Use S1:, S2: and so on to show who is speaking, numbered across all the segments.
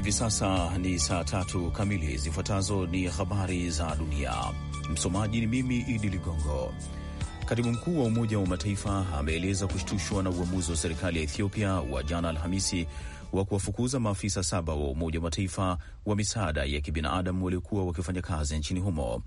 S1: Hivi sasa ni saa tatu kamili. Zifuatazo ni habari za dunia. Msomaji ni mimi Idi Ligongo. Katibu mkuu wa Umoja wa Mataifa ameeleza kushtushwa na uamuzi wa serikali ya Ethiopia wa jana Alhamisi wa kuwafukuza maafisa saba wa Umoja wa Mataifa wa misaada ya kibinadamu waliokuwa wakifanya kazi nchini humo.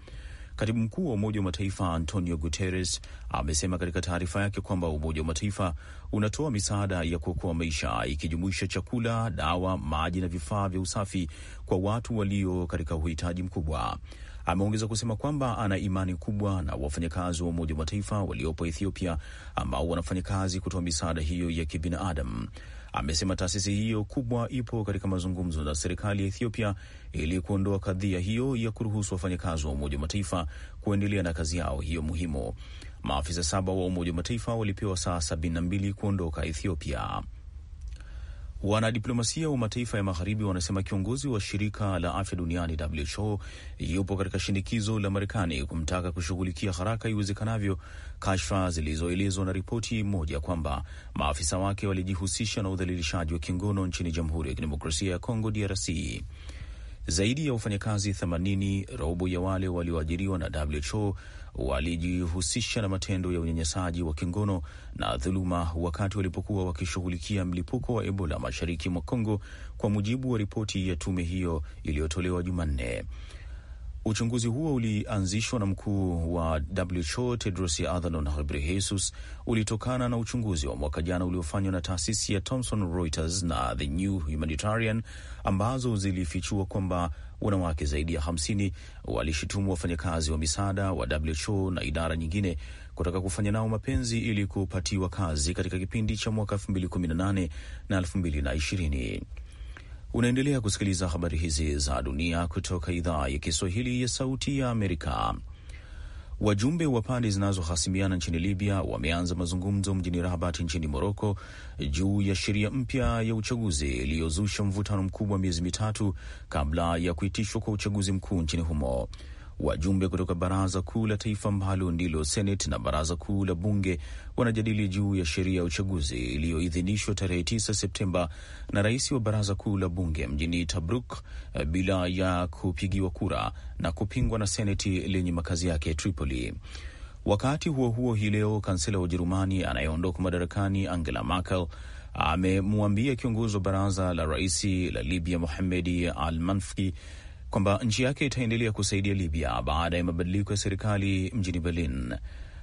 S1: Katibu mkuu wa Umoja wa Mataifa Antonio Guterres amesema katika taarifa yake kwamba Umoja wa Mataifa unatoa misaada ya kuokoa maisha ikijumuisha chakula, dawa, maji na vifaa vya usafi kwa watu walio katika uhitaji mkubwa. Ameongeza kusema kwamba ana imani kubwa na wafanyakazi wa Umoja wa Mataifa waliopo Ethiopia ambao wanafanya kazi kutoa misaada hiyo ya kibinadamu. Amesema taasisi hiyo kubwa ipo katika mazungumzo na serikali ya Ethiopia ili kuondoa kadhia hiyo ya kuruhusu wafanyakazi wa Umoja wa Mataifa kuendelea na kazi yao hiyo muhimu. Maafisa saba wa Umoja wa Mataifa walipewa saa sabini na mbili kuondoka Ethiopia. Wanadiplomasia wa mataifa ya magharibi wanasema kiongozi wa shirika la afya duniani WHO yupo katika shinikizo la Marekani kumtaka kushughulikia haraka iwezekanavyo kashfa zilizoelezwa na ripoti moja kwamba maafisa wake walijihusisha na udhalilishaji wa kingono nchini Jamhuri ya Kidemokrasia ya Kongo, DRC. Zaidi ya wafanyakazi 80 robo ya wale walioajiriwa na WHO walijihusisha na matendo ya unyanyasaji wa kingono na dhuluma wakati walipokuwa wakishughulikia mlipuko wa Ebola mashariki mwa Kongo, kwa mujibu wa ripoti ya tume hiyo iliyotolewa Jumanne. Uchunguzi huo ulianzishwa na mkuu wa WHO Tedros Adhanom Ghebreyesus ulitokana na uchunguzi wa mwaka jana uliofanywa na taasisi ya Thomson Reuters na The New Humanitarian ambazo zilifichua kwamba wanawake zaidi ya 50 walishitumu wafanyakazi wa misaada wa WHO na idara nyingine kutaka kufanya nao mapenzi ili kupatiwa kazi katika kipindi cha mwaka 2018 na 2020. Unaendelea kusikiliza habari hizi za dunia kutoka idhaa ya Kiswahili ya Sauti ya Amerika. Wajumbe wa pande zinazohasimiana nchini Libya wameanza mazungumzo mjini Rabat nchini Moroko juu ya sheria mpya ya uchaguzi iliyozusha mvutano mkubwa miezi mitatu kabla ya kuitishwa kwa uchaguzi mkuu nchini humo. Wajumbe kutoka baraza kuu la taifa ambalo ndilo Senate na baraza kuu la bunge wanajadili juu ya sheria ya uchaguzi iliyoidhinishwa tarehe 9 Septemba na rais wa baraza kuu la bunge mjini Tabruk eh, bila ya kupigiwa kura na kupingwa na Seneti lenye makazi yake Tripoli. Wakati huo huo, hii leo kansela wa Ujerumani anayeondoka madarakani Angela Merkel amemwambia kiongozi wa baraza la rais la Libya muhamedi Al kwamba nchi yake itaendelea kusaidia Libya baada ya mabadiliko ya serikali mjini Berlin.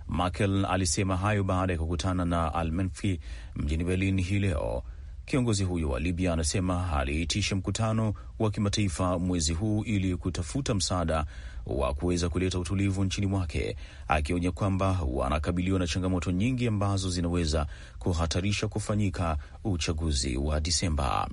S1: Merkel alisema hayo baada ya kukutana na Almenfi mjini Berlin hii leo. Kiongozi huyo wa Libya anasema aliitisha mkutano wa kimataifa mwezi huu ili kutafuta msaada wa kuweza kuleta utulivu nchini mwake, akionya kwamba wanakabiliwa na changamoto nyingi ambazo zinaweza kuhatarisha kufanyika uchaguzi wa Disemba.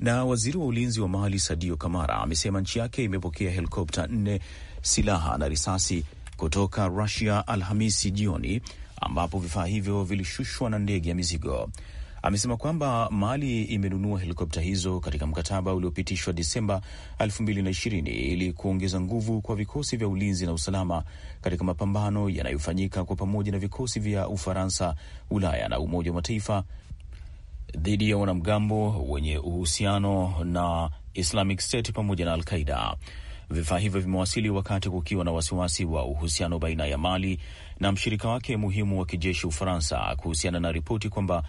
S1: Na waziri wa ulinzi wa Mali Sadio Kamara amesema nchi yake imepokea helikopta nne, silaha na risasi kutoka Rusia Alhamisi jioni, ambapo vifaa hivyo vilishushwa na ndege ya mizigo. Amesema kwamba Mali imenunua helikopta hizo katika mkataba uliopitishwa Desemba 2020 ili kuongeza nguvu kwa vikosi vya ulinzi na usalama katika mapambano yanayofanyika kwa pamoja na vikosi vya Ufaransa, Ulaya na Umoja wa Mataifa dhidi ya wanamgambo wenye uhusiano na Islamic State pamoja na Al-Qaida. Vifaa hivyo vimewasili wakati kukiwa na wasiwasi wa uhusiano baina ya Mali na mshirika wake muhimu wa kijeshi Ufaransa kuhusiana na ripoti kwamba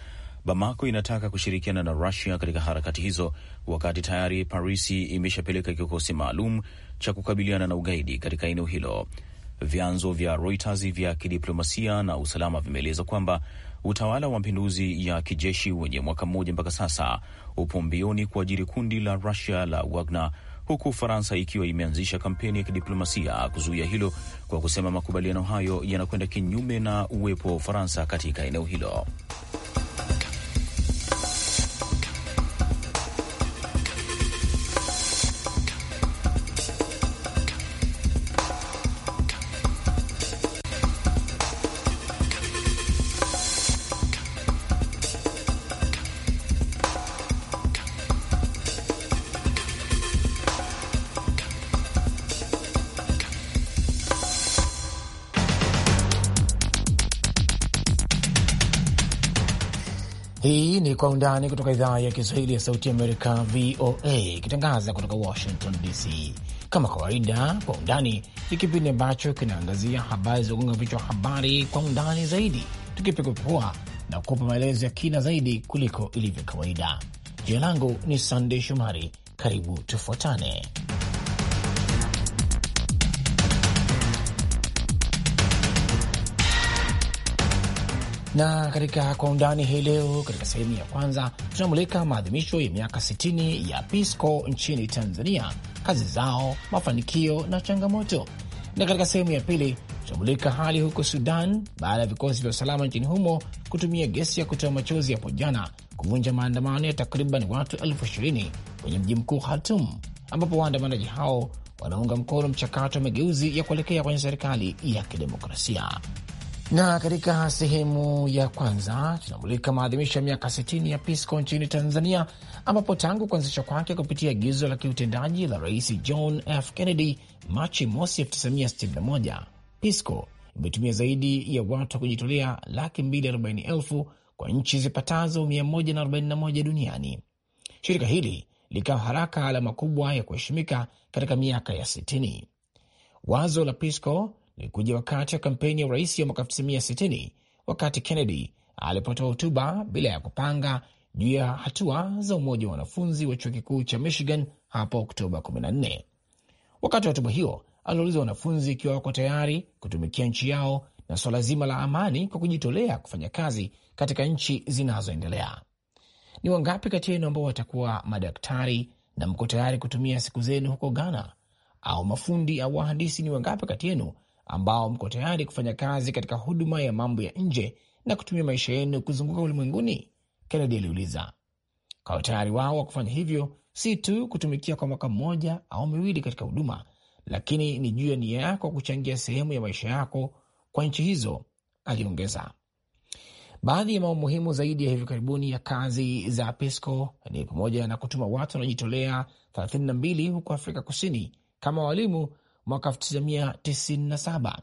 S1: Bamako inataka kushirikiana na Rusia katika harakati hizo, wakati tayari Parisi imeshapeleka kikosi maalum cha kukabiliana na ugaidi katika eneo hilo. Vyanzo vya Reuters vya kidiplomasia na usalama vimeeleza kwamba Utawala wa mapinduzi ya kijeshi wenye mwaka mmoja mpaka sasa upo mbioni kuajiri kundi la Rusia la Wagner, huku Faransa ikiwa imeanzisha kampeni ya kidiplomasia kuzuia hilo kwa kusema makubaliano hayo yanakwenda kinyume na uwepo wa Ufaransa katika eneo hilo.
S2: Hii ni Kwa Undani kutoka idhaa ya Kiswahili ya Sauti Amerika, VOA, ikitangaza kutoka Washington DC. Kama kawaida, Kwa Undani ni kipindi ambacho kinaangazia habari za kugonga vichwa habari kwa undani zaidi, tukipekupekua na kupa maelezo ya kina zaidi kuliko ilivyo kawaida. Jina langu ni Sandey Shomari. Karibu tufuatane. Na katika kwa undani hii leo, katika sehemu ya kwanza tunamulika maadhimisho ya miaka 60 ya Peace Corps nchini Tanzania, kazi zao, mafanikio na changamoto. Na katika sehemu ya pili tunamulika hali huko Sudan baada ya vikosi vya usalama nchini humo kutumia gesi ya kutoa machozi hapo jana kuvunja maandamano ya takriban watu elfu ishirini kwenye mji mkuu Khartoum, ambapo waandamanaji hao wanaunga mkono mchakato wa mageuzi ya kuelekea kwenye serikali ya kidemokrasia. Na katika sehemu ya kwanza tunamulika maadhimisho ya miaka 60 ya PISCO nchini Tanzania, ambapo tangu kuanzishwa kwake kupitia agizo la kiutendaji la Rais John F Kennedy Machi mosi 1961, PISCO imetumia zaidi ya watu wa kujitolea laki 24 kwa nchi zipatazo 141 duniani. Shirika hili likawa haraka alama kubwa ya kuheshimika katika miaka ya 60. Wazo la PISCO lilikuja wakati wa kampeni ya urais ya mwaka 1960 wakati Kennedy alipotoa hotuba bila ya kupanga juu ya hatua za umoja wa wanafunzi wa chuo kikuu cha Michigan hapo Oktoba 14. Wakati wa hotuba hiyo aliuliza wanafunzi ikiwa wako tayari kutumikia nchi yao na swala zima la amani kwa kujitolea kufanya kazi katika nchi zinazoendelea. Ni wangapi kati yenu ambao watakuwa madaktari na mko tayari kutumia siku zenu huko Ghana? Au mafundi au wahandisi, ni wangapi kati yenu ambao mko tayari kufanya kazi katika huduma ya mambo ya nje na kutumia maisha yenu kuzunguka ulimwenguni? Kennedy aliuliza. Kwa utayari wao wa kufanya hivyo, si tu kutumikia kwa mwaka mmoja au miwili katika huduma, lakini ni juu ya nia yako kuchangia sehemu ya maisha yako kwa nchi hizo, aliongeza. Baadhi ya mambo muhimu zaidi ya hivi karibuni ya kazi za PESCO ni pamoja na kutuma watu wanaojitolea 32 huko Afrika Kusini kama walimu mwaka 1997.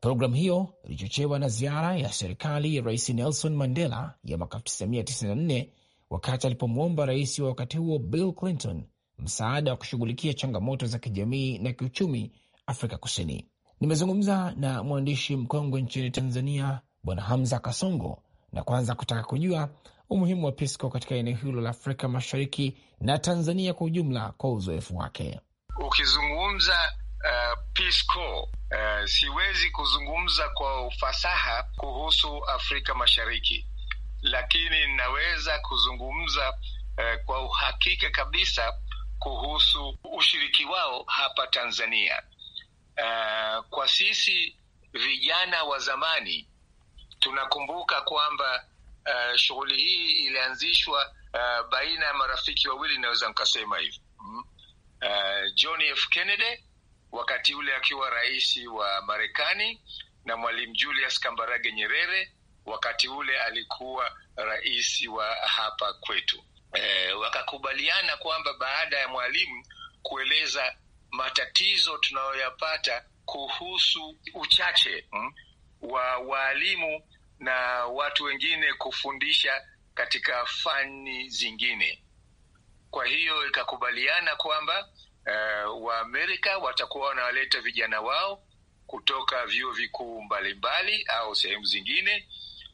S2: Programu hiyo ilichochewa na ziara ya serikali ya Rais Nelson Mandela ya mwaka 1994 wakati alipomwomba rais wa wakati huo Bill Clinton msaada wa kushughulikia changamoto za kijamii na kiuchumi Afrika Kusini. Nimezungumza na mwandishi mkongwe nchini Tanzania, Bwana Hamza Kasongo, na kwanza kutaka kujua umuhimu wa PISCO katika eneo hilo la Afrika Mashariki na Tanzania kwa ujumla, kwa uzoefu wake
S3: ukizungumza uh, Peace Corps, uh, siwezi kuzungumza kwa ufasaha kuhusu Afrika Mashariki, lakini naweza kuzungumza uh, kwa uhakika kabisa kuhusu ushiriki wao hapa Tanzania. Uh, kwa sisi vijana wa zamani tunakumbuka kwamba uh, shughuli hii ilianzishwa uh, baina ya marafiki wawili, inaweza nikasema hivi uh, John F. Kennedy wakati ule akiwa rais wa Marekani na Mwalimu Julius Kambarage Nyerere wakati ule alikuwa rais wa hapa kwetu. E, wakakubaliana kwamba baada ya Mwalimu kueleza matatizo tunayoyapata kuhusu uchache mm, wa waalimu na watu wengine kufundisha katika fani zingine kwa hiyo ikakubaliana kwamba uh, eh, Waamerika watakuwa wanawaleta vijana wao kutoka vyuo vikuu mbalimbali au sehemu zingine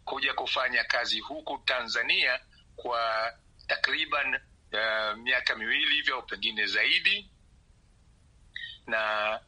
S3: kuja kufanya kazi huku Tanzania kwa takriban uh, miaka miwili hivyo au pengine zaidi, na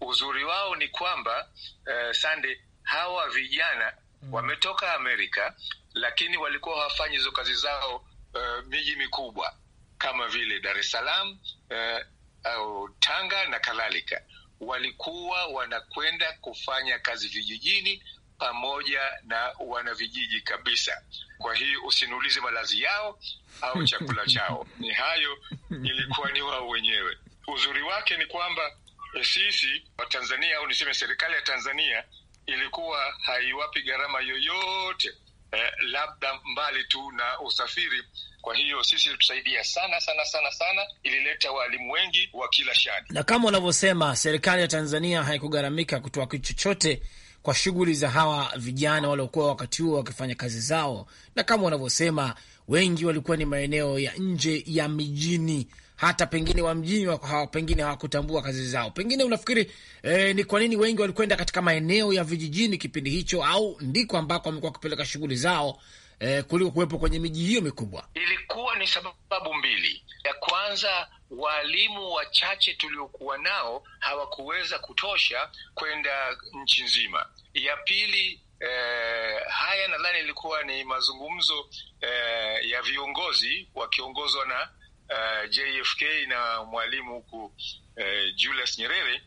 S3: uzuri wao ni kwamba uh, sande hawa vijana mm. wametoka Amerika, lakini walikuwa hawafanyi hizo kazi zao uh, miji mikubwa kama vile Dar es Salaam eh, au Tanga na kadhalika, walikuwa wanakwenda kufanya kazi vijijini pamoja na wanavijiji kabisa. Kwa hiyo usinulize malazi yao au chakula chao, ni hayo ilikuwa ni wao wenyewe. Uzuri wake ni kwamba eh, sisi Watanzania au niseme serikali ya Tanzania ilikuwa haiwapi gharama yoyote eh, labda mbali tu na usafiri kwa hiyo sisi ilitusaidia sana sana sana sana, ilileta waalimu wengi wa kila shani, na kama
S2: unavyosema, serikali ya Tanzania haikugharamika kutoa kitu chochote kwa shughuli za hawa vijana waliokuwa wakati huo wakifanya kazi zao, na kama unavyosema wengi walikuwa ni maeneo ya nje ya mijini, hata pengine wa mjini hawa pengine hawakutambua kazi zao. Pengine unafikiri eh, ni kwa nini wengi walikwenda katika maeneo ya vijijini kipindi hicho, au ndiko ambako wamekuwa wakipeleka shughuli zao, eh, kuliko kuwepo kwenye miji hiyo mikubwa?
S3: Ilikuwa ni sababu mbili. Ya kwanza, waalimu wachache tuliokuwa nao hawakuweza kutosha kwenda nchi nzima. Ya pili, eh, haya nadhani ilikuwa ni mazungumzo eh, ya viongozi wakiongozwa na Uh, eh, JFK na mwalimu huku uh, Julius Nyerere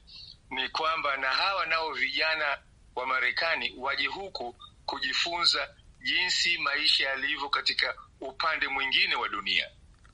S3: ni kwamba na hawa nao vijana wa Marekani waje huku kujifunza jinsi maisha yalivyo katika upande mwingine wa dunia,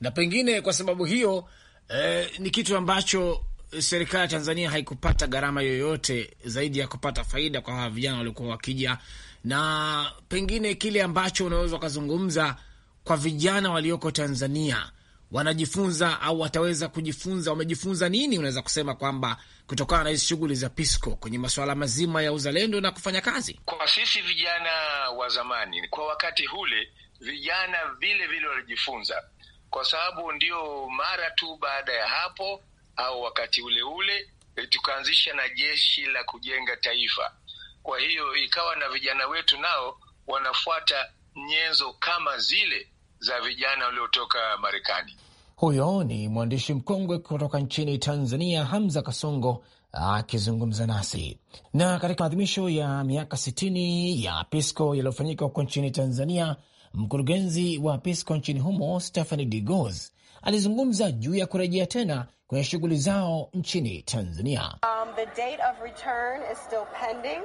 S2: na pengine kwa sababu hiyo eh, ni kitu ambacho serikali ya Tanzania haikupata gharama yoyote zaidi ya kupata faida kwa hawa vijana waliokuwa wakija, na pengine kile ambacho unaweza ukazungumza kwa vijana walioko Tanzania wanajifunza au wataweza kujifunza, wamejifunza nini? Unaweza kusema kwamba kutokana na hizi shughuli za PISCO kwenye masuala mazima ya uzalendo na kufanya kazi,
S3: kwa sisi vijana wa zamani, kwa wakati ule vijana vile vile walijifunza, kwa sababu ndio mara tu baada ya hapo au wakati ule ule eh, tukaanzisha na jeshi la kujenga taifa. Kwa hiyo ikawa na vijana wetu nao wanafuata
S2: nyenzo kama zile za vijana waliotoka Marekani. Huyo ni mwandishi mkongwe kutoka nchini Tanzania, Hamza Kasongo akizungumza nasi. Na katika maadhimisho ya miaka 60 ya Pisco yaliyofanyika huko nchini Tanzania, mkurugenzi wa Pisco nchini humo Stephanie Digos alizungumza juu ya kurejea tena kwenye shughuli zao nchini Tanzania.
S4: Um, the date of return is still pending.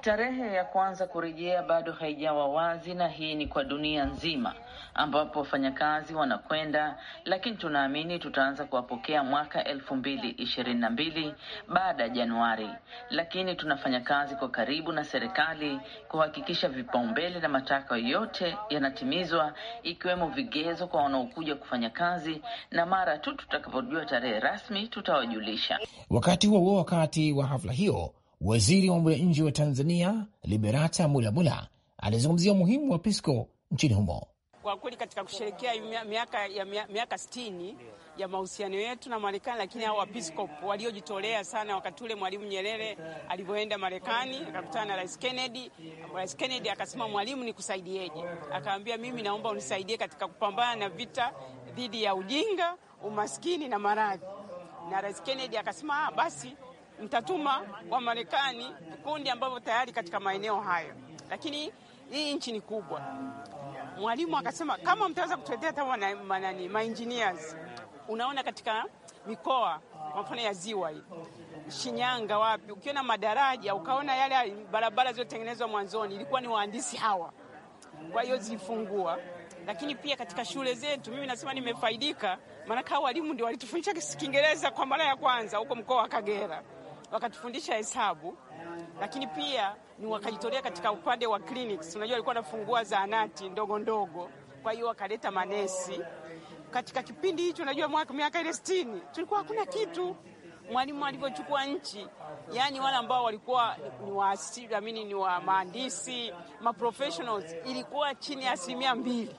S4: Tarehe ya kuanza kurejea bado haijawa wazi, na hii ni kwa dunia nzima ambapo wafanyakazi wanakwenda, lakini tunaamini tutaanza kuwapokea mwaka elfu mbili ishirini na mbili baada ya Januari, lakini tunafanya kazi kwa karibu na serikali kuhakikisha vipaumbele na matakwa yote yanatimizwa, ikiwemo vigezo kwa wanaokuja kufanya kazi, na mara tu tutakapojua tarehe rasmi tutawajulisha.
S2: Wakati huo huo, wakati wa hafla hiyo, waziri wa mambo ya nje wa Tanzania Liberata Mulamula alizungumzia umuhimu wa PISCO nchini humo
S4: kwa kweli katika kusherekea miaka ya miaka sitini ya mahusiano yetu na Marekani, lakini hao wapiskopu waliojitolea sana wakati ule Mwalimu Nyerere alivyoenda Marekani akakutana na Rais Kennedy. Rais Kennedy akasema, Mwalimu, nikusaidieje? Akaambia, mimi naomba unisaidie katika kupambana na vita dhidi ya ujinga, umaskini na maradhi. Na Rais Kennedy akasema, ah, basi mtatuma wa Marekani vikundi ambavyo tayari katika maeneo hayo, lakini hii nchi ni kubwa. Mwalimu akasema kama mtaweza kutuletea hata manani ma engineers, unaona katika mikoa kwa mfano ya ziwa hii Shinyanga, wapi, ukiona madaraja ukaona yale barabara zilizotengenezwa mwanzoni, ilikuwa ni wahandisi hawa. Kwa hiyo zilifungua, lakini pia katika shule zetu, mimi nasema nimefaidika, maanake hao walimu ndio walitufundisha Kiingereza kwa mara ya kwanza huko mkoa wa Kagera, wakatufundisha hesabu, lakini pia ni wakajitolea katika upande wa clinics. Unajua alikuwa anafungua zahanati ndogo ndogo, kwa hiyo wakaleta manesi katika kipindi hicho. Unajua mwaka miaka ile 60 tulikuwa hakuna kitu. Mwalimu alivyochukua nchi, yani wale ambao walikuwa ni waasili, amini ni wa maandisi, professionals ilikuwa chini ya asilimia mbili.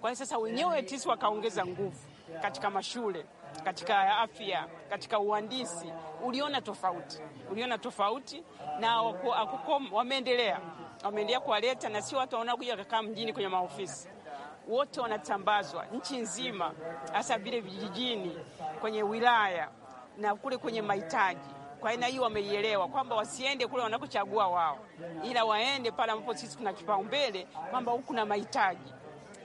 S4: Kwa hiyo sasa wenyewe tisi wakaongeza nguvu katika mashule katika afya, katika uhandisi, uliona tofauti, uliona tofauti na wameendelea wameendelea kuwaleta, na sio watu wanaokuja kakaa mjini kwenye maofisi wote wanatambazwa nchi nzima, hasa vile vijijini, kwenye wilaya na kule kwenye mahitaji. Kwa aina hiyo wameielewa kwamba wasiende kule wanakochagua wao, ila waende pale ambapo sisi tuna kipaumbele kwamba huku na mahitaji,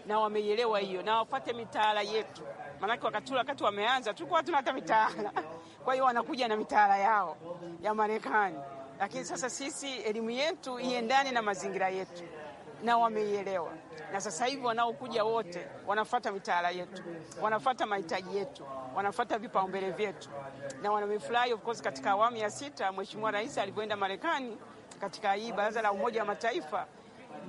S4: na wameielewa hiyo, na wafate mitaala yetu Maanake wakati wakati wameanza tulikuwa hatuna hata mitaala, kwa hiyo wanakuja na mitaala yao ya Marekani, lakini sasa sisi elimu yetu iendane na mazingira yetu na wameielewa, na sasa hivi wanaokuja wote wanafata mitaala yetu, wanafata mahitaji yetu, wanafata vipaumbele vyetu, na wanamefurahi of course. Katika awamu ya sita Mheshimiwa Rais alivyoenda Marekani katika hii baraza la Umoja wa Mataifa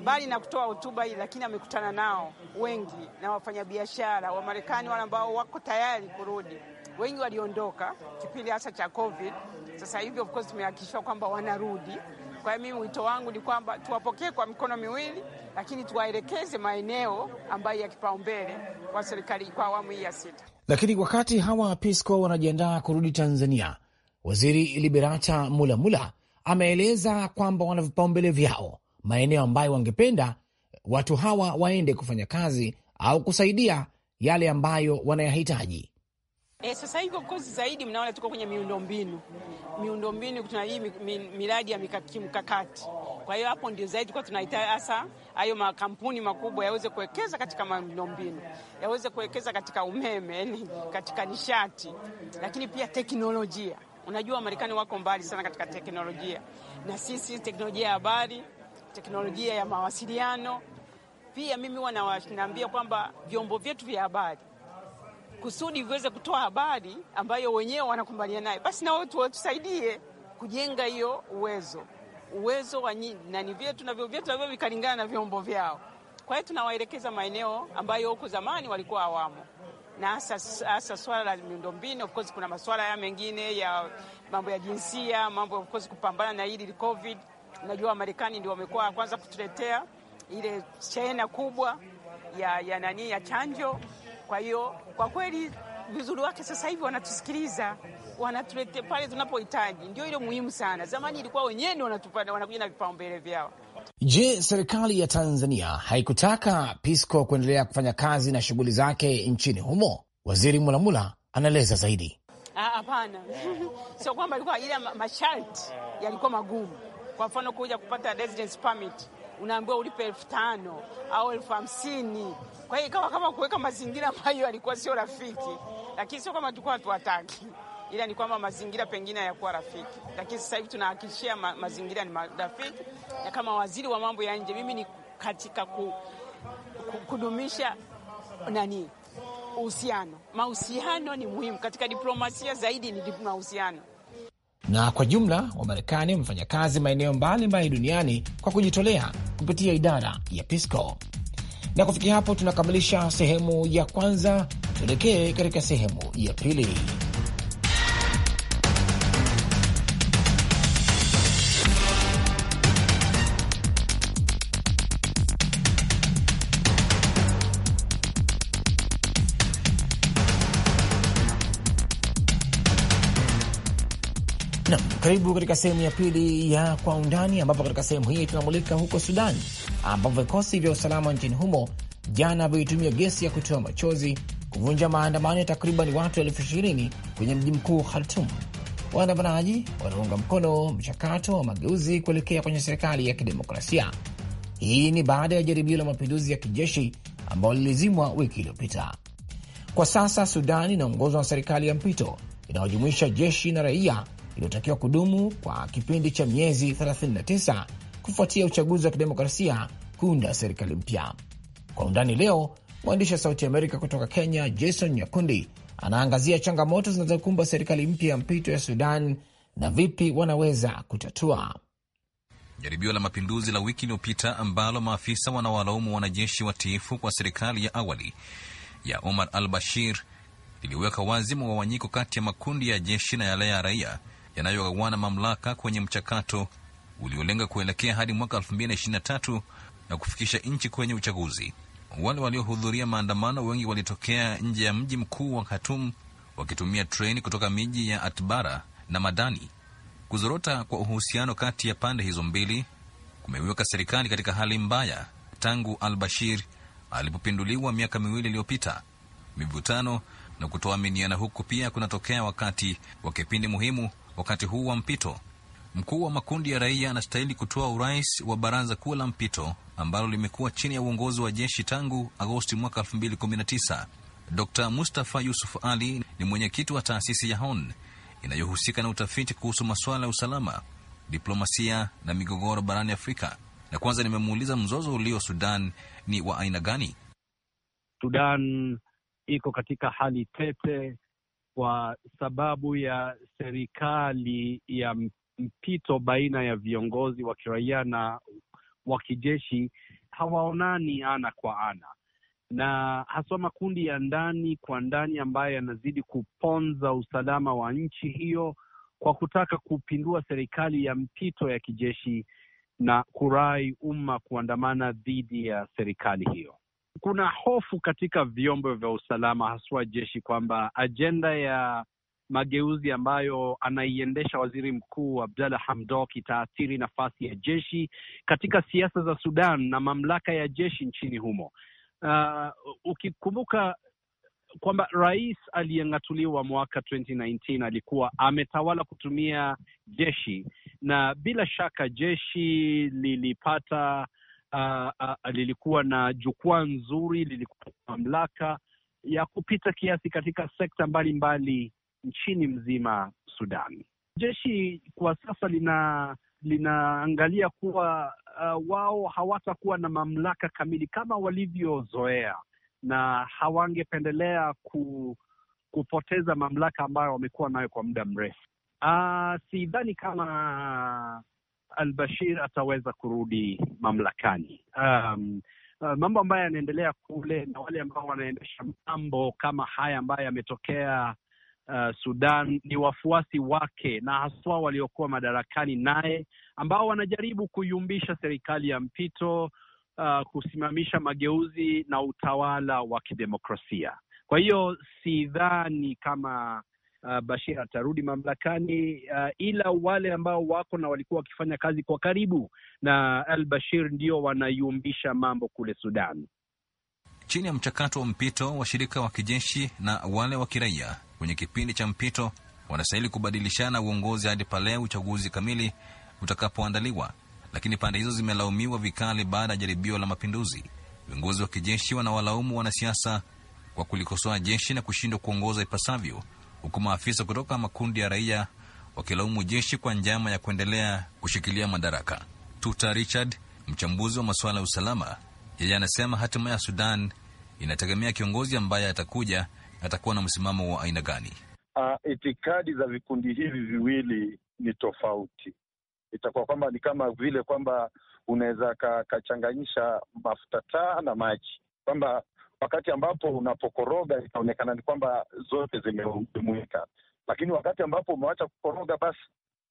S4: mbali na kutoa hotuba hii, lakini amekutana nao wengi na wafanyabiashara wa Marekani wale ambao wako tayari kurudi. Wengi waliondoka kipindi hasa cha COVID. Sasa hivi of course tumehakikishwa kwamba wanarudi. Kwa hiyo mimi wito wangu ni kwamba tuwapokee kwa mikono miwili, lakini tuwaelekeze maeneo ambayo ya kipaumbele kwa serikali kwa awamu hii ya sita.
S2: Lakini wakati hawa PISCO wanajiandaa kurudi Tanzania, Waziri Liberata Mulamula ameeleza kwamba wana vipaumbele vyao maeneo ambayo wangependa watu hawa waende kufanya kazi au kusaidia yale ambayo wanayahitaji.
S4: E, sasa hivi kozi zaidi mnaona tuko kwenye miundombinu. Miundombinu tuna hii miradi ya kimkakati. Kwa hiyo hapo ndio zaidi kwa tunahitaji hasa hayo makampuni makubwa yaweze kuwekeza katika miundombinu, yaweze kuwekeza katika umeme, katika nishati, lakini pia teknolojia. Unajua Wamarekani wako mbali sana katika teknolojia, na sisi teknolojia ya habari teknolojia ya mawasiliano. Pia mimi huwa nawaambia kwamba vyombo vyetu vya habari kusudi viweze kutoa habari ambayo wenyewe wanakumbaliana nayo, basi na watu watusaidie kujenga hiyo uwezo uwezo wa nani vyetu na vyombo vyetu navyo vikalingana na vyombo vyao. Kwa hiyo tunawaelekeza maeneo ambayo huko zamani walikuwa hawamo, na hasa swala la miundombinu. Of course kuna maswala haya mengine ya mambo ya jinsia, mambo of course kupambana na hili COVID Unajua Wamarekani ndio wamekuwa kwanza kutuletea ile shehena kubwa ya, ya nani ya chanjo. Kwa hiyo kwa kweli vizuri wake sasa hivi wanatusikiliza, wanatuletea pale tunapohitaji, ndio ile muhimu sana. Zamani ilikuwa wenyewe wanatupanda, wanakuja na vipaumbele vyao.
S2: Je, serikali ya Tanzania haikutaka Pisco kuendelea kufanya kazi na shughuli zake nchini humo? Waziri Mulamula anaeleza zaidi.
S4: Ah, hapana, sio kwamba ilikuwa ile masharti yalikuwa magumu kwa mfano kuja kupata residence permit unaambiwa ulipe elfu tano au elfu hamsini Kwa hiyo ikawa kama kuweka mazingira ambayo alikuwa sio rafiki, lakini sio kama tulikuwa hatuwataki, ila ni kwamba mazingira pengine hayakuwa rafiki. Lakini sasa hivi tunahakikishia ma mazingira ni rafiki, na kama waziri wa mambo ya nje mimi ni katika ku, ku, kudumisha nani uhusiano. Mahusiano ni muhimu katika diplomasia, zaidi ni mahusiano
S2: na kwa jumla Wamarekani wamefanya kazi maeneo mbalimbali duniani kwa kujitolea kupitia idara ya Pisco. Na kufikia hapo tunakamilisha sehemu ya kwanza, tuelekee katika sehemu ya pili. Karibu katika sehemu ya pili ya Kwa Undani, ambapo katika sehemu hii tunamulika huko Sudan, ambapo vikosi vya usalama nchini humo jana vilitumia gesi ya kutoa machozi kuvunja maandamano ya takriban watu elfu ishirini kwenye mji mkuu Khartum. Waandamanaji wanaunga mkono mchakato wa mageuzi kuelekea kwenye serikali ya kidemokrasia. Hii ni baada ya jaribio la mapinduzi ya kijeshi ambalo lilizimwa wiki iliyopita. Kwa sasa Sudan inaongozwa na serikali ya mpito inayojumuisha jeshi na raia iliyotakiwa kudumu kwa kipindi cha miezi 39 kufuatia uchaguzi wa kidemokrasia kuunda serikali mpya. Kwa undani leo, mwandishi wa Sauti Amerika kutoka Kenya Jason Nyakundi anaangazia changamoto zinazokumba serikali mpya ya mpito ya Sudan na vipi wanaweza kutatua
S5: jaribio la mapinduzi la wiki iliyopita ambalo maafisa wanawalaumu wanajeshi watiifu kwa serikali ya awali ya Omar al Bashir liliweka wazi mgawanyiko kati ya makundi ya jeshi na yale ya raia yanayogawana mamlaka kwenye mchakato uliolenga kuelekea hadi mwaka 2023 na na kufikisha nchi kwenye uchaguzi. Wale waliohudhuria maandamano wengi walitokea nje ya mji mkuu wa Khartoum wakitumia treni kutoka miji ya Atbara na Madani. Kuzorota kwa uhusiano kati ya pande hizo mbili kumeiweka serikali katika hali mbaya tangu al-Bashir alipopinduliwa miaka miwili iliyopita. Mivutano na kutoaminiana huku pia kunatokea wakati wa kipindi muhimu wakati huu wa mpito. Mkuu wa makundi ya raia anastahili kutoa urais wa baraza kuu la mpito ambalo limekuwa chini ya uongozi wa jeshi tangu Agosti mwaka 2019. Dr Mustafa Yusuf Ali ni mwenyekiti wa taasisi ya HON inayohusika na utafiti kuhusu masuala ya usalama, diplomasia na migogoro barani Afrika, na kwanza nimemuuliza mzozo ulio Sudan ni wa aina gani?
S6: Sudan iko katika hali tete kwa sababu ya serikali ya mpito baina ya viongozi wa kiraia na wa kijeshi hawaonani ana kwa ana, na haswa makundi ya ndani kwa ndani ambayo yanazidi kuponza usalama wa nchi hiyo kwa kutaka kupindua serikali ya mpito ya kijeshi na kurai umma kuandamana dhidi ya serikali hiyo. Kuna hofu katika vyombo vya usalama haswa jeshi kwamba ajenda ya mageuzi ambayo anaiendesha waziri mkuu Abdalla Hamdok itaathiri nafasi ya jeshi katika siasa za Sudan na mamlaka ya jeshi nchini humo. Uh, ukikumbuka kwamba rais aliyeng'atuliwa mwaka 2019 alikuwa ametawala kutumia jeshi na bila shaka jeshi lilipata uh, uh, lilikuwa na jukwaa nzuri, lilikuwa na mamlaka ya kupita kiasi katika sekta mbalimbali nchini mzima Sudan. Jeshi kwa sasa lina linaangalia kuwa uh, wao hawatakuwa na mamlaka kamili kama walivyozoea, na hawangependelea ku, kupoteza mamlaka ambayo wamekuwa nayo kwa muda mrefu. Uh, sidhani kama al-Bashir ataweza kurudi mamlakani. Um, uh, mambo ambayo yanaendelea kule na wale ambao wanaendesha mambo kama haya ambayo yametokea uh, Sudan ni wafuasi wake na haswa waliokuwa madarakani naye ambao wanajaribu kuyumbisha serikali ya mpito uh, kusimamisha mageuzi na utawala wa kidemokrasia. Kwa hiyo sidhani kama uh, Bashir atarudi mamlakani uh, ila wale ambao wako na walikuwa wakifanya kazi kwa karibu na al Bashir ndio wanayumbisha mambo kule Sudan.
S5: Chini ya mchakato wa mpito, washirika wa kijeshi na wale wa kiraia kwenye kipindi cha mpito wanastahili kubadilishana uongozi hadi pale uchaguzi kamili utakapoandaliwa, lakini pande hizo zimelaumiwa vikali baada ya jaribio la mapinduzi. Viongozi wa kijeshi wanawalaumu wanasiasa kwa kulikosoa jeshi na kushindwa kuongoza ipasavyo huku maafisa kutoka makundi ya raia wakilaumu jeshi kwa njama ya kuendelea kushikilia madaraka. Tuta Richard, mchambuzi wa masuala ya usalama, yeye anasema hatima ya Sudan inategemea kiongozi ambaye atakuja atakuwa na msimamo wa aina gani.
S7: Uh, itikadi za vikundi hivi viwili ni tofauti. Itakuwa kwamba ni kama vile kwamba unaweza kachanganyisha mafuta taa na maji, kwamba wakati ambapo unapokoroga inaonekana ni kwamba zote zimejumuika, lakini wakati ambapo umewacha kukoroga, basi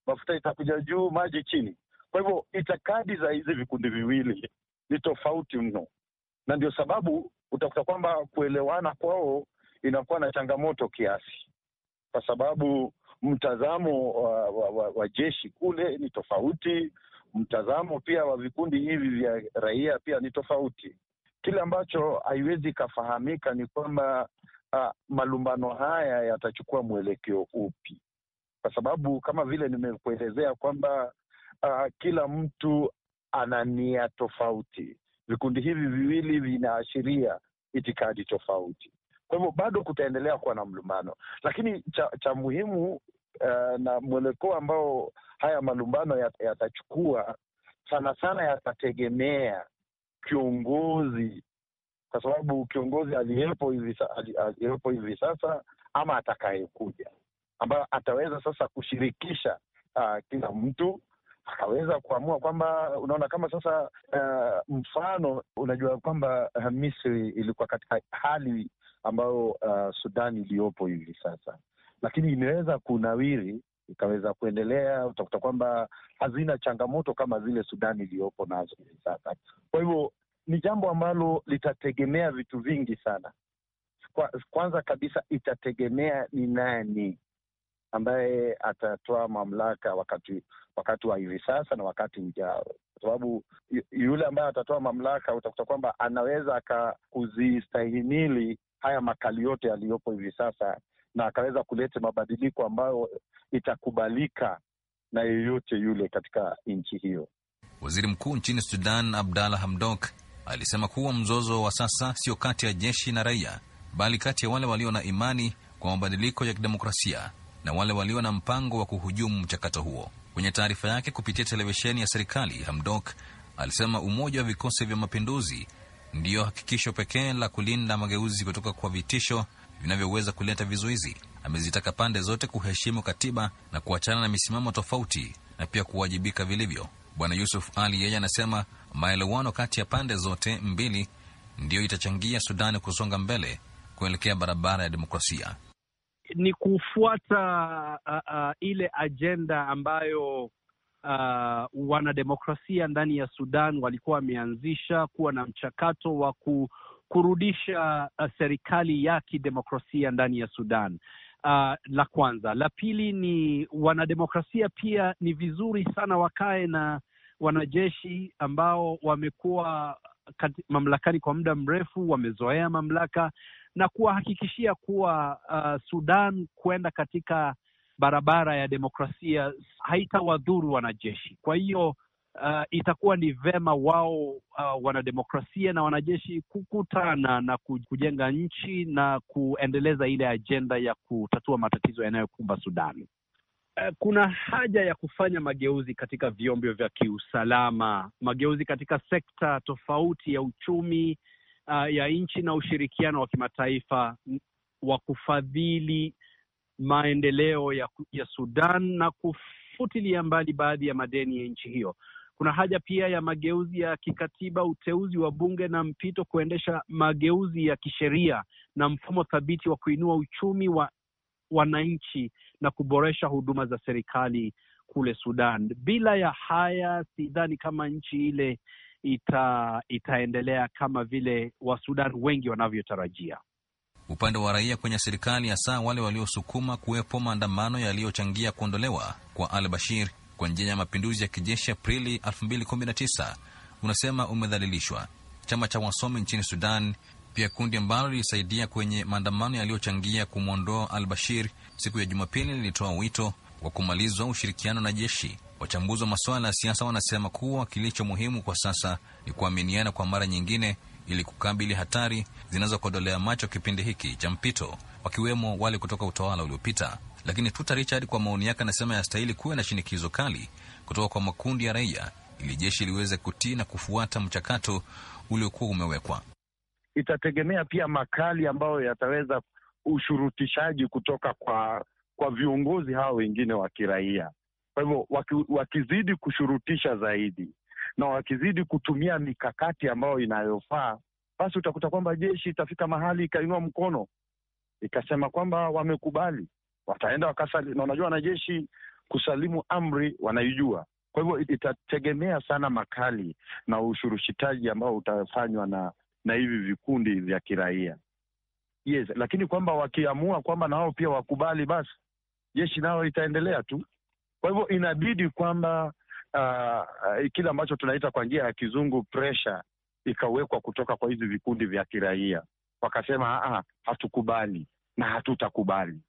S7: mafuta itakuja juu, maji chini. Kwa hivyo itikadi za hizi vikundi viwili ni tofauti mno, na ndio sababu utakuta kwamba kuelewana kwao inakuwa na changamoto kiasi, kwa sababu mtazamo wa, wa, wa, wa jeshi kule ni tofauti, mtazamo pia wa vikundi hivi vya raia pia ni tofauti. Kile ambacho haiwezi ikafahamika ni kwamba uh, malumbano haya yatachukua mwelekeo upi, kwa sababu kama vile nimekuelezea kwamba uh, kila mtu ana nia tofauti. Vikundi hivi viwili vinaashiria itikadi tofauti, kwa hivyo bado kutaendelea kuwa na mlumbano, lakini cha, cha muhimu uh, na mwelekeo ambao haya malumbano yatachukua sana sana yatategemea kiongozi, kwa sababu kiongozi aliyepo hivi aliyepo hivi sasa ama atakayekuja, ambayo ataweza sasa kushirikisha uh, kila mtu akaweza kuamua kwamba unaona kama sasa uh, mfano unajua kwamba uh, Misri ilikuwa katika hali ambayo uh, Sudani iliyopo hivi sasa, lakini imeweza kunawiri ikaweza kuendelea, utakuta kwamba hazina changamoto kama zile Sudani iliyopo nazo hivi sasa. Kwa hivyo ni jambo ambalo litategemea vitu vingi sana. Kwa, kwanza kabisa itategemea ni nani ambaye atatoa mamlaka wakati wakati wa hivi sasa na wakati ujao, kwa sababu yule ambaye atatoa mamlaka utakuta kwamba anaweza kuzistahimili haya makali yote yaliyopo hivi sasa na akaweza kuleta mabadiliko ambayo itakubalika na yeyote yule katika nchi
S5: hiyo. Waziri mkuu nchini Sudan Abdalla Hamdok alisema kuwa mzozo wa sasa sio kati ya jeshi na raia, bali kati ya wale walio na imani kwa mabadiliko ya kidemokrasia na wale walio na mpango wa kuhujumu mchakato huo. Kwenye taarifa yake kupitia televisheni ya serikali, Hamdok alisema umoja wa vikosi vya mapinduzi ndiyo hakikisho pekee la kulinda mageuzi kutoka kwa vitisho vinavyoweza kuleta vizuizi. Amezitaka pande zote kuheshimu katiba na kuachana na misimamo tofauti na pia kuwajibika vilivyo. Bwana Yusuf Ali yeye anasema maelewano kati ya pande zote mbili ndiyo itachangia Sudani kusonga mbele kuelekea barabara ya demokrasia.
S6: Ni kufuata uh, uh, ile ajenda ambayo uh, wanademokrasia ndani ya Sudan walikuwa wameanzisha kuwa na mchakato wa ku kurudisha uh, serikali ya kidemokrasia ndani ya Sudan. Uh, la kwanza. La pili ni wanademokrasia pia ni vizuri sana wakae na wanajeshi ambao wamekuwa mamlakani kwa muda mrefu, wamezoea mamlaka na kuwahakikishia kuwa uh, Sudan kwenda katika barabara ya demokrasia haitawadhuru wanajeshi. Kwa hiyo uh, itakuwa ni vema wao uh, wanademokrasia na wanajeshi kukutana na kujenga nchi na kuendeleza ile ajenda ya kutatua matatizo yanayokumba Sudani. Uh, kuna haja ya kufanya mageuzi katika vyombo vya kiusalama, mageuzi katika sekta tofauti ya uchumi uh, ya nchi na ushirikiano wa kimataifa wa kufadhili maendeleo ya, ya Sudan na kufutilia mbali baadhi ya madeni ya nchi hiyo. Kuna haja pia ya mageuzi ya kikatiba, uteuzi wa bunge na mpito, kuendesha mageuzi ya kisheria na mfumo thabiti wa kuinua uchumi wa wananchi na kuboresha huduma za serikali kule Sudan. Bila ya haya, sidhani kama nchi ile ita, itaendelea kama vile Wasudan wengi wanavyotarajia.
S5: Upande wa raia kwenye serikali, hasa wale waliosukuma kuwepo maandamano yaliyochangia kuondolewa kwa Al Bashir kwa njia ya mapinduzi ya kijeshi Aprili 2019 unasema umedhalilishwa. Chama cha wasomi nchini Sudan, pia kundi ambalo lilisaidia kwenye maandamano yaliyochangia kumwondoa al Bashir, siku ya Jumapili lilitoa wito wa kumalizwa ushirikiano na jeshi. Wachambuzi wa masuala ya siasa wanasema kuwa kilicho muhimu kwa sasa ni kuaminiana kwa mara nyingine ili kukabili hatari zinazokodolea macho kipindi hiki cha mpito, wakiwemo wale kutoka utawala uliopita. Lakini Tuta Richard kwa maoni yake anasema yastahili kuwe na shinikizo kali kutoka kwa makundi ya raia ili jeshi liweze kutii na kufuata mchakato uliokuwa umewekwa.
S7: Itategemea pia makali ambayo yataweza ushurutishaji kutoka kwa kwa viongozi hao wengine wa kiraia. Kwa hivyo waki, wakizidi kushurutisha zaidi na wakizidi kutumia mikakati ambayo inayofaa, basi utakuta kwamba jeshi itafika mahali ikainua mkono ikasema kwamba wamekubali wataenda wakasali, na unajua wanajeshi kusalimu amri wanaijua. Kwa hivyo itategemea sana makali na ushurushitaji ambao utafanywa na na hivi vikundi vya kiraia yes, lakini kwamba wakiamua kwamba na wao pia wakubali, basi jeshi nao itaendelea tu. Kwa hivyo inabidi kwamba uh, kile ambacho tunaita kwa njia ya kizungu pressure ikawekwa kutoka kwa hivi vikundi vya kiraia, wakasema ah, hatukubali na hatutakubali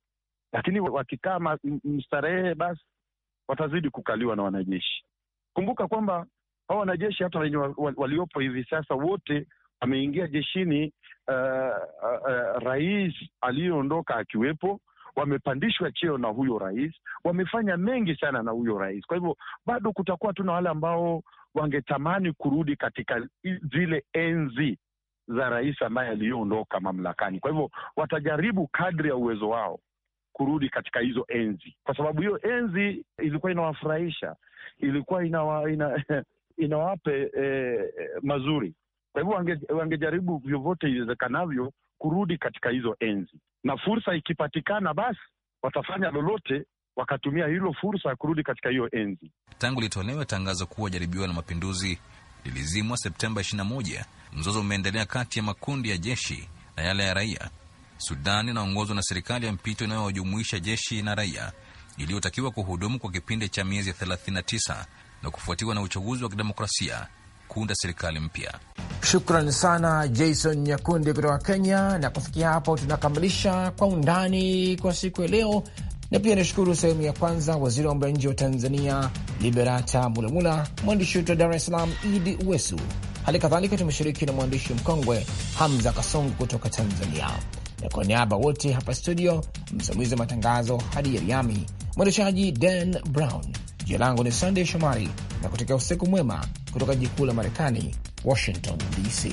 S7: lakini wakikaa mstarehe, basi watazidi kukaliwa na wanajeshi. Kumbuka kwamba hao wanajeshi hata wenye waliopo hivi sasa wote wameingia jeshini, uh, uh, uh, rais aliyeondoka akiwepo, wamepandishwa cheo na huyo rais, wamefanya mengi sana na huyo rais. Kwa hivyo bado kutakuwa tu na wale ambao wangetamani kurudi katika zile enzi za rais ambaye aliyoondoka mamlakani. Kwa hivyo watajaribu kadri ya uwezo wao kurudi katika hizo enzi, kwa sababu hiyo enzi ilikuwa inawafurahisha, ilikuwa inawa, ina, inawape eh, mazuri. Kwa hivyo wange, wangejaribu vyovyote iwezekanavyo kurudi katika hizo enzi, na fursa ikipatikana, basi watafanya lolote wakatumia hilo fursa ya kurudi katika hiyo enzi.
S5: Tangu litolewe tangazo kuwa jaribio la mapinduzi lilizimwa Septemba 21, mzozo umeendelea kati ya makundi ya jeshi na yale ya raia. Sudan inaongozwa na serikali ya mpito inayojumuisha jeshi na raia iliyotakiwa kuhudumu kwa kipindi cha miezi 39 na kufuatiwa na uchaguzi wa kidemokrasia kuunda serikali mpya.
S2: Shukran sana Jason Nyakundi kutoka Kenya. Na kufikia hapo, tunakamilisha Kwa Undani kwa siku ya leo, na pia nashukuru sehemu ya kwanza waziri wa mambo ya nje wa Tanzania Liberata Mulamula, mwandishi wetu wa Dar es Salaam Idi Uwesu. Hali kadhalika tumeshiriki na mwandishi mkongwe Hamza Kasongo kutoka Tanzania na kwa niaba wote hapa studio, msimamizi wa matangazo hadi Yariami, mwendeshaji Dan Brown. Jina langu ni Sandey Shomari na kutokea usiku mwema kutoka jikuu la Marekani, Washington DC.